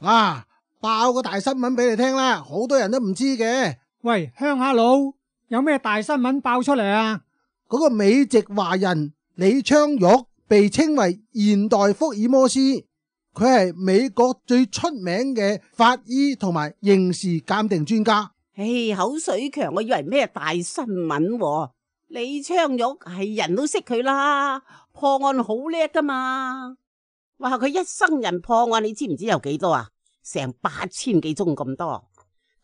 啊！爆個大新聞俾你聽啦，好多人都唔知嘅。喂，鄉下佬，有咩大新聞爆出嚟啊？嗰個美籍華人李昌鈺，被稱為現代福爾摩斯，佢係美國最出名嘅法醫同埋刑事鑒定專家。唉、哎，口水強，我以為咩大新聞，啊？李昌鈺係人都識佢啦，破案好叻噶嘛。哇！佢一生人破案，你知唔知有幾多啊？成八千幾宗咁多。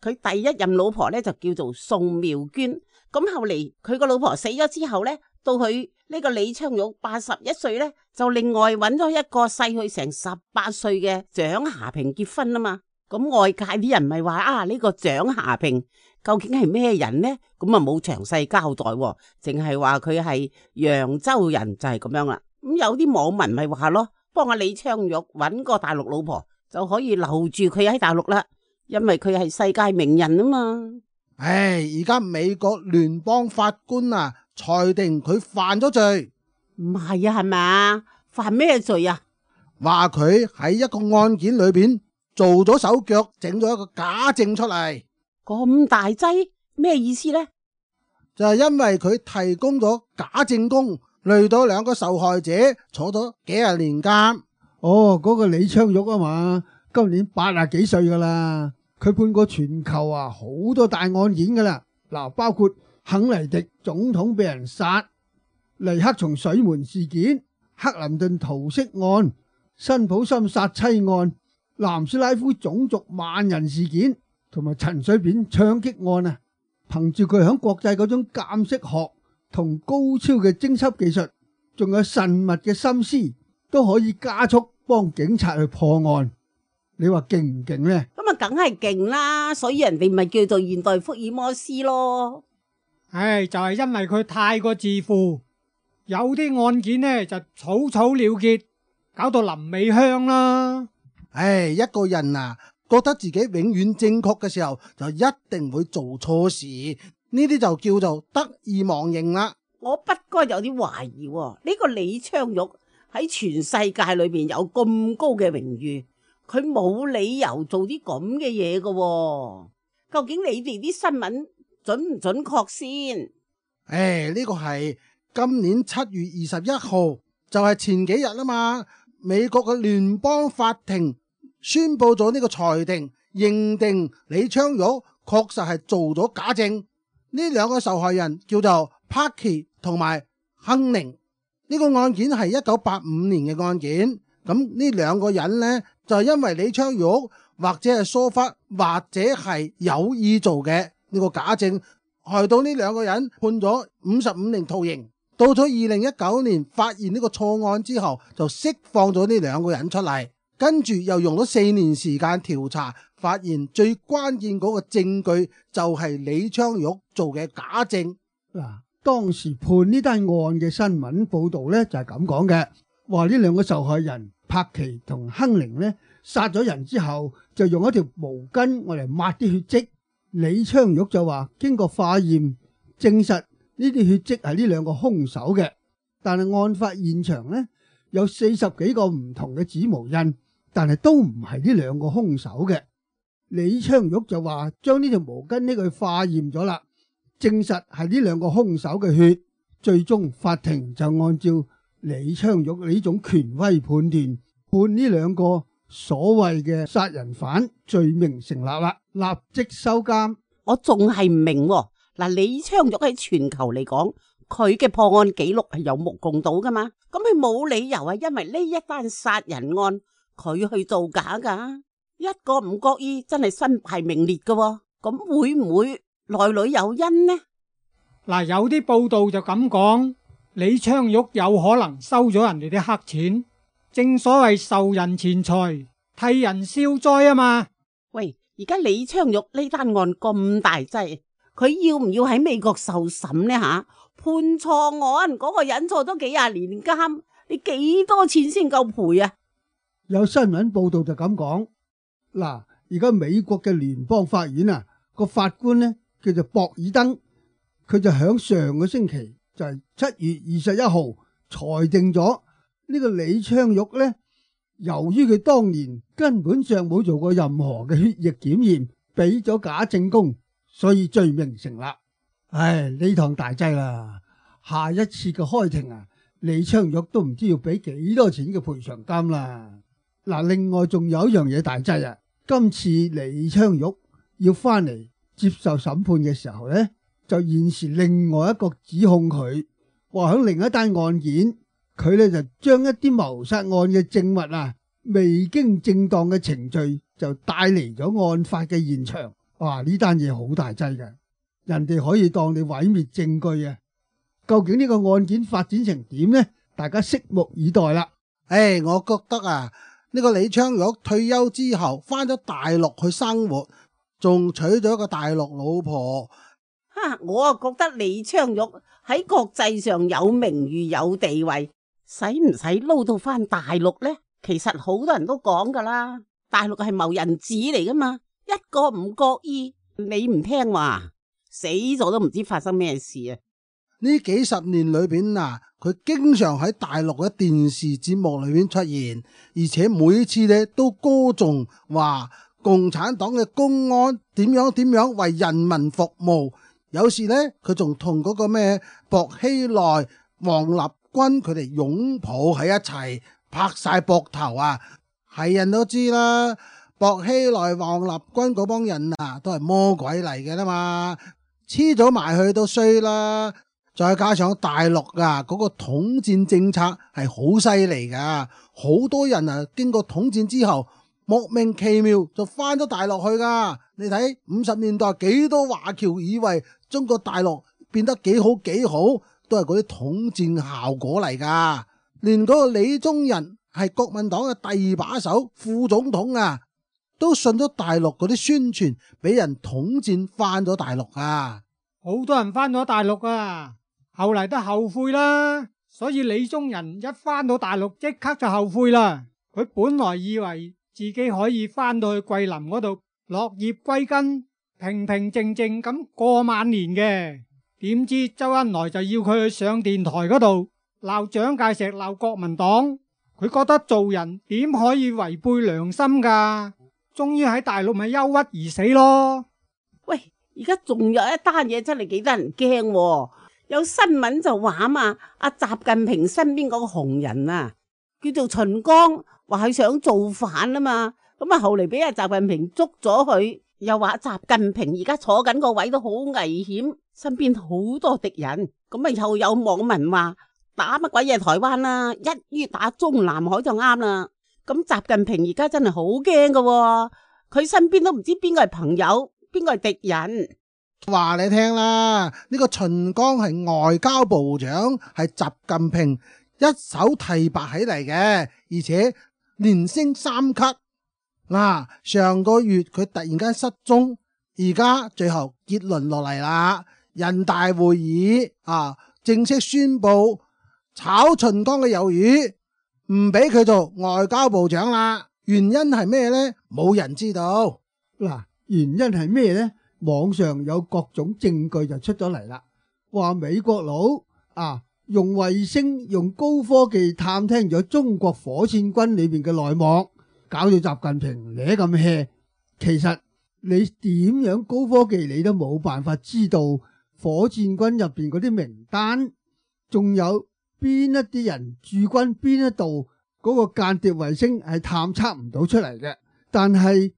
佢第一任老婆咧就叫做宋妙娟，咁後嚟佢個老婆死咗之後咧，到佢呢個李昌鈺八十一歲咧，就另外揾咗一個細去成十八歲嘅蔣霞萍結婚啊嘛。咁外界啲人咪話啊，呢個蔣霞萍究竟係咩人呢？咁啊冇詳細交代，淨係話佢係揚州人就係咁樣啦。咁有啲網民咪話咯。幫阿李昌鈺搵個大陸老婆就可以留住佢喺大陸啦，因為佢係世界名人啊嘛。唉、哎，而家美國聯邦法官啊裁定佢犯咗罪，唔係啊係咪？犯咩罪啊？話佢喺一個案件裏邊做咗手腳，整咗一個假證出嚟。咁大劑咩意思咧？就係因為佢提供咗假證供。累到兩個受害者坐咗幾廿年監。哦，嗰、那個李昌鈺啊嘛，今年八廿幾歲噶啦，佢判過全球啊好多大案件噶啦。嗱，包括肯尼迪總統被人殺、尼克松水門事件、克林頓桃色案、辛普森殺妻案、南斯拉夫種族萬人事件，同埋陳水扁槍擊案啊，憑住佢響國際嗰種鑑識學，同高超嘅偵緝技術，仲有慎密嘅心思，都可以加速幫警察去破案。你話勁唔勁呢？咁啊，梗係勁啦！所以人哋咪叫做現代福爾摩斯咯。唉、哎，就係、是、因為佢太過自負，有啲案件呢，就草草了結，搞到臨尾香啦。唉、哎，一個人啊，覺得自己永遠正確嘅時候，就一定會做錯事。呢啲就叫做得意忘形啦！我不該有啲懷疑、哦，呢、這個李昌鈺喺全世界裏邊有咁高嘅榮譽，佢冇理由做啲咁嘅嘢噶。究竟你哋啲新聞準唔準確先？誒、哎，呢、這個係今年七月二十一號，就係、是、前幾日啦嘛。美國嘅聯邦法庭宣布咗呢個裁定，認定李昌鈺確實係做咗假證。呢兩個受害人叫做 Parker 同埋亨寧，呢個案件係一九八五年嘅案件。咁呢兩個人呢，就係因為李昌鈺或者係疏忽或者係有意做嘅呢個假證，害到呢兩個人判咗五十五年徒刑。到咗二零一九年發現呢個錯案之後，就釋放咗呢兩個人出嚟。跟住又用咗四年時間調查，發現最關鍵嗰個證據就係李昌鈺做嘅假證。嗱、啊，當時判呢單案嘅新聞報道呢，就係咁講嘅，話呢兩個受害人柏奇同亨寧呢，殺咗人之後，就用一條毛巾我嚟抹啲血跡。李昌鈺就話經過化驗證實呢啲血跡係呢兩個兇手嘅，但係案發現場呢，有四十幾個唔同嘅指模印。但係都唔係呢兩個兇手嘅。李昌鈺就話將呢條毛巾呢句化驗咗啦，證實係呢兩個兇手嘅血。最終法庭就按照李昌鈺呢種權威判斷，判呢兩個所謂嘅殺人犯罪名成立啦，立即收監。我仲係唔明。嗱、哦，李昌鈺喺全球嚟講，佢嘅破案記錄係有目共睹噶嘛？咁佢冇理由係、啊、因為呢一單殺人案。佢去造假噶，一個唔覺意真係身敗名裂噶、哦。咁會唔會內裏有因呢？嗱，有啲報道就咁講，李昌鈺有可能收咗人哋啲黑錢，正所謂受人錢財替人消災啊嘛。喂，而家李昌鈺呢單案咁大劑，佢要唔要喺美國受審呢？吓、啊、判錯案嗰個人錯都幾廿年監，你幾多錢先夠賠啊？有新聞報道就咁講嗱，而家美國嘅聯邦法院啊，個法官呢叫做，博爾登，佢就響上個星期就係、是、七月二十一號裁定咗呢個李昌鈺呢。呢由於佢當年根本上冇做過任何嘅血液檢驗，俾咗假證供，所以罪名成立。唉，呢堂大劑啦，下一次嘅開庭啊，李昌鈺都唔知要俾幾多錢嘅賠償金啦。嗱，另外仲有一樣嘢大劑啊！今次李昌鈺要翻嚟接受審判嘅時候呢，就現時另外一個指控佢話喺另一單案件，佢呢就將一啲謀殺案嘅證物啊，未經正當嘅程序就帶嚟咗案發嘅現場。哇！呢單嘢好大劑嘅，人哋可以當你毀滅證據啊！究竟呢個案件發展成點呢？大家拭目以待啦。唉、哎，我覺得啊～呢個李昌鈺退休之後翻咗大陸去生活，仲娶咗一個大陸老婆。吓，我啊覺得李昌鈺喺國際上有名譽有地位，使唔使撈到翻大陸呢？其實好多人都講噶啦，大陸係謀人子嚟噶嘛，一個唔覺意，你唔聽話，死咗都唔知發生咩事啊！呢幾十年裏邊啊，佢經常喺大陸嘅電視節目裏邊出現，而且每次咧都歌頌話共產黨嘅公安點樣點樣為人民服務，有時呢，佢仲同嗰個咩薄熙來、王立軍佢哋擁抱喺一齊，拍晒膊頭啊！係人都知啦，薄熙來、王立軍嗰幫人啊，都係魔鬼嚟嘅啦嘛，黐咗埋去都衰啦～再加上大陸啊，嗰個統戰政策係好犀利噶，好多人啊經過統戰之後，莫名其妙就翻咗大陸去噶。你睇五十年代幾多華僑以為中國大陸變得幾好幾好，都係嗰啲統戰效果嚟噶。連嗰個李宗仁係國民黨嘅第二把手、副總統啊，都信咗大陸嗰啲宣傳，俾人統戰翻咗大陸啊，好多人翻咗大陸啊！後來都後悔啦，所以李宗仁一翻到大陸即刻就後悔啦。佢本來以為自己可以翻到去桂林嗰度落葉歸根，平平靜靜咁過晚年嘅，點知周恩來就要佢去上電台嗰度鬧蔣介石、鬧國民黨。佢覺得做人點可以違背良心噶，終於喺大陸咪憂鬱而死咯。喂，而家仲有一單嘢真係幾得人驚。有新聞就話啊嘛，阿習近平身邊嗰個紅人啊，叫做秦剛，話佢想造反啊嘛，咁啊後嚟俾阿習近平捉咗佢，又話習近平而家坐緊個位都好危險，身邊好多敵人，咁啊又有網民話打乜鬼嘢台灣啦，啊，一於打中南海就啱啦，咁習近平而家真係好驚噶，佢身邊都唔知邊個係朋友，邊個係敵人。話你聽啦，呢、這個秦剛係外交部長，係習近平一手提拔起嚟嘅，而且連升三級。嗱、啊，上個月佢突然間失蹤，而家最後結論落嚟啦，人大會議啊正式宣布炒秦剛嘅魷魚，唔俾佢做外交部長啦。原因係咩呢？冇人知道。嗱、啊，原因係咩呢？網上有各種證據就出咗嚟啦，話美國佬啊用衛星用高科技探聽咗中國火箭軍裏邊嘅內幕，搞到習近平呢咁氣。其實你點樣高科技，你都冇辦法知道火箭軍入邊嗰啲名單，仲有邊一啲人駐軍邊一度，嗰個間諜衛星係探測唔到出嚟嘅。但係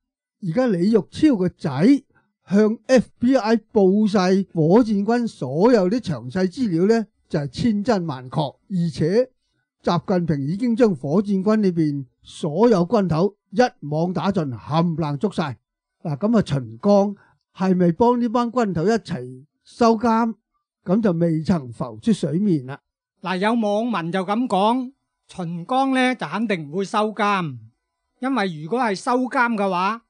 而家李玉超個仔。向 FBI 報晒火箭軍所有啲詳細資料呢，就係千真萬確，而且習近平已經將火箭軍裏邊所有軍頭一網打盡，冚唪唥捉晒。嗱，咁啊秦剛係咪幫呢班軍頭一齊收監？咁就未曾浮出水面啦。嗱，有網民就咁講：秦剛呢，就肯定唔會收監，因為如果係收監嘅話。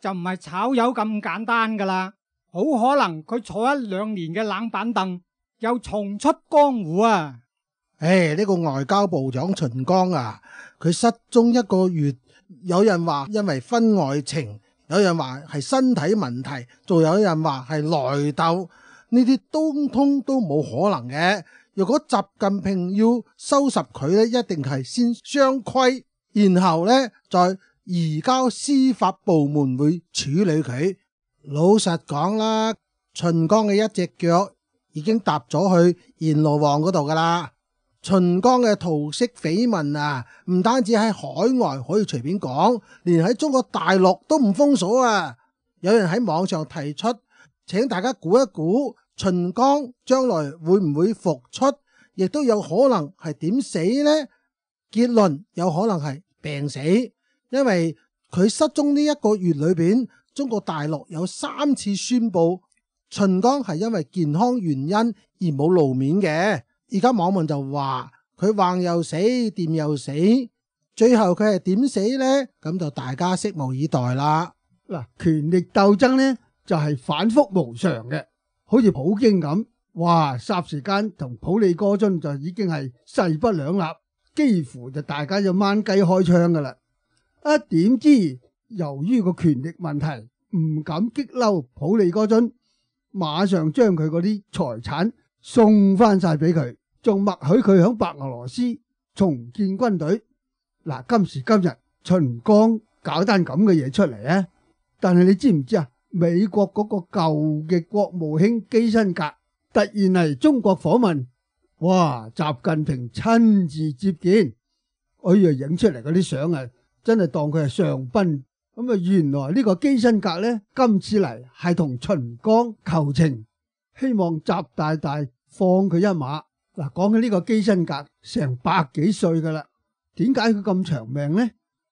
就唔係炒魷咁簡單噶啦，好可能佢坐一兩年嘅冷板凳，又重出江湖啊！誒、哎，呢、呢個外交部長秦剛啊，佢失蹤一個月，有人話因為婚外情，有人話係身體問題，仲有人話係內鬥，呢啲通通都冇可能嘅。如果習近平要收拾佢呢，一定係先雙規，然後呢再。移交司法部門會處理佢。老實講啦，秦剛嘅一隻腳已經踏咗去閻羅王嗰度噶啦。秦剛嘅桃色緋聞啊，唔單止喺海外可以隨便講，連喺中國大陸都唔封鎖啊！有人喺網上提出，請大家估一估秦剛將來會唔會復出，亦都有可能係點死呢？結論有可能係病死。因為佢失蹤呢一個月裏邊，中國大陸有三次宣布秦剛係因為健康原因而冇露面嘅。而家網民就話佢橫又死，掂又死，最後佢係點死呢？咁就大家拭目以待啦。嗱，權力鬥爭呢，就係反覆無常嘅，好似普京咁，哇，霎時間同普利哥津就已經係勢不兩立，幾乎就大家就掹雞開槍噶啦。啊！點知由於個權力問題，唔敢激嬲普里戈津，馬上將佢嗰啲財產送翻晒俾佢，仲默許佢響白俄羅斯重建軍隊。嗱，今時今日秦剛搞單咁嘅嘢出嚟啊！但係你知唔知啊？美國嗰個舊嘅國務卿基辛格突然嚟中國訪問，哇！習近平親自接見，哎呀，影出嚟嗰啲相啊！真係當佢係上賓咁啊！原來呢個基辛格呢，今次嚟係同秦剛求情，希望習大大放佢一馬。嗱，講起呢個基辛格，成百幾歲噶啦，點解佢咁長命呢？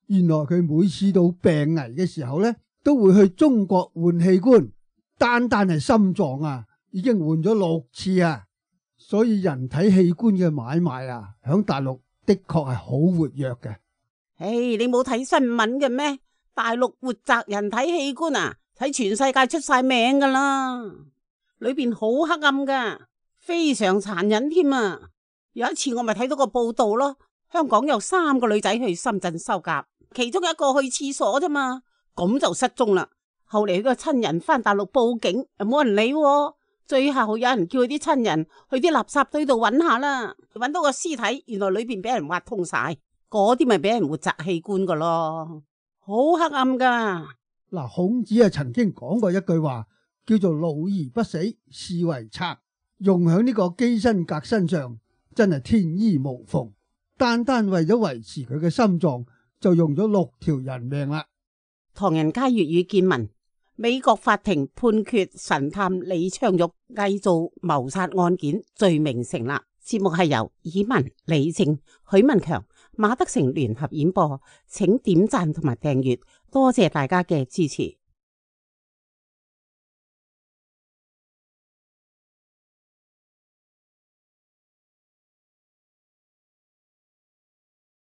原來佢每次到病危嘅時候呢，都會去中國換器官，單單係心臟啊，已經換咗六次啊！所以人體器官嘅買賣啊，響大陸的確係好活躍嘅。唉，hey, 你冇睇新聞嘅咩？大陸活摘人體器官啊，喺全世界出晒名噶啦。裏邊好黑暗噶，非常殘忍添啊！有一次我咪睇到個報道咯，香港有三個女仔去深圳收甲，其中一個去廁所啫嘛，咁就失蹤啦。後嚟佢個親人翻大陸報警，又冇人理，哦。最後有人叫佢啲親人去啲垃圾堆度揾下啦，揾到個屍體，原來裏邊俾人挖通晒。嗰啲咪俾人活摘器官噶咯，好黑暗噶。嗱，孔子啊，曾經講過一句話，叫做“老而不死是為賊”，用喺呢個基辛格身上，真係天衣無縫。單單為咗維持佢嘅心臟，就用咗六條人命啦。唐人街粵語見聞，美國法庭判決神探李昌鈺偽造謀殺案件罪名成立。節目係由以文、李正、許文強。馬德成聯合演播，請點讚同埋訂閱，多謝大家嘅支持。